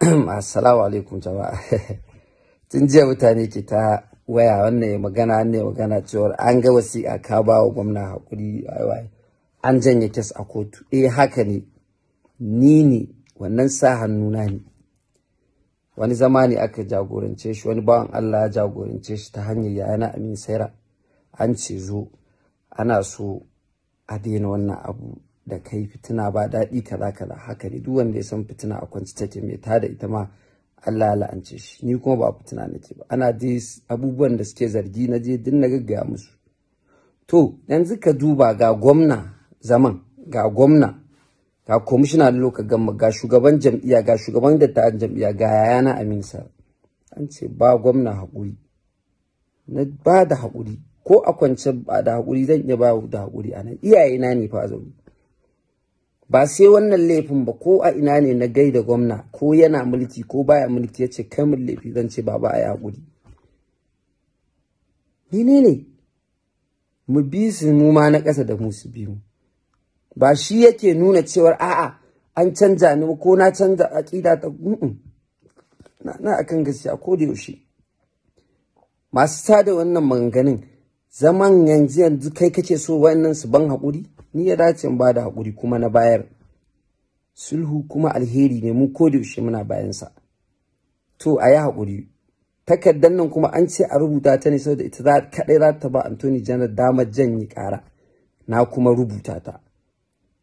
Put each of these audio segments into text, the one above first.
assalamu alaikum jama'a tun jiya mutane ke ta waya wannan ya magana ne magana cewar an ga wasiƙa ka ba wa gwamna hakuri an janye kes a kotu eh haka ne ni ne wannan sa hannuna ne wani zama ne aka jagorance shi wani bawan Allah ya jagorance shi ta hanyar yaya na amin saira an ce zo ana so a daina wannan abu da kai fitina ba daɗi kaza kaza haka ne duk wanda ya san fitina a kwanci take mai da ita ma Allah ya la'ance shi ni kuma ba fitina nake ba ana je abubuwan da suke zargi na je din na gaggaya musu to yanzu ka duba ga gwamna zaman ga gwamna ga komishina na lokacin gamma ga shugaban jam'iyya ga shugaban dattawan jam'iyya ga yayana aminsa an ce ba gwamna haƙuri na ba da haƙuri ko a kwance ba da haƙuri zan iya ba da haƙuri anan nan iyayena ne fa zaune ba sai wannan laifin ba ko a ina ne na gai da gwamna ko yana mulki ko baya mulki ya ce kai mun laifi zan ce baba a hakuri ne ne mu bi su mu ma na ƙasa da mu su biyu ba shi yake nuna cewar a'a an canja ni ko na canza aƙida ta na akan gaskiya ko da yaushe masu sada wannan maganganun zaman yanzu yanzu kai kace so wayannan su ban hakuri ni ya dace in bada hakuri kuma na bayar sulhu kuma alheri ne mu ko da muna bayan sa to a yi haƙuri takardar nan kuma an ce a rubuta ta ne saboda ita za kaɗai za ta ba Anthony Janar damar janye kara na kuma rubuta ta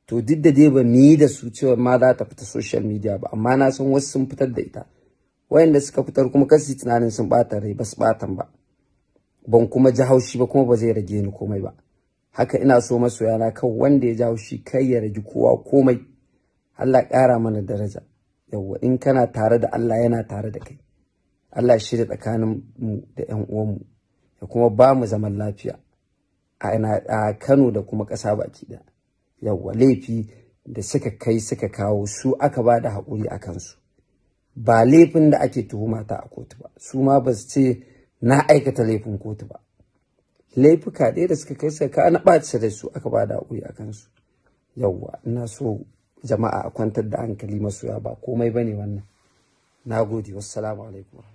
to duk da dai ba ni da su cewa ma za ta fita social media ba amma na san wasu sun fitar da ita wayanda suka fitar kuma kasu tunanin sun bata rai ba su batan ba ban kuma ji haushi ba kuma ba zai rage ni komai ba haka ina so masoyana kan wanda ya ji haushi kai ya rage kowa komai Allah ƙara mana daraja yawwa in kana tare da Allah yana tare da kai Allah shirya tsakanin mu da ƴan mu ya kuma ba mu zaman lafiya a Kano da kuma ƙasa baki da yawwa laifi da suka kai suka kawo su aka ba da haƙuri a kansu ba laifin da ake tuhuma ta a kotu ba su ma ba su ce na aikata laifin kotu ba laifuka ɗaya da suka kai suka ka na ɓaci da su aka ba da haƙuri a kansu yawwa ina so jama'a a kwantar da hankali masoya ba komai bane wannan na gode wassalamu alaikum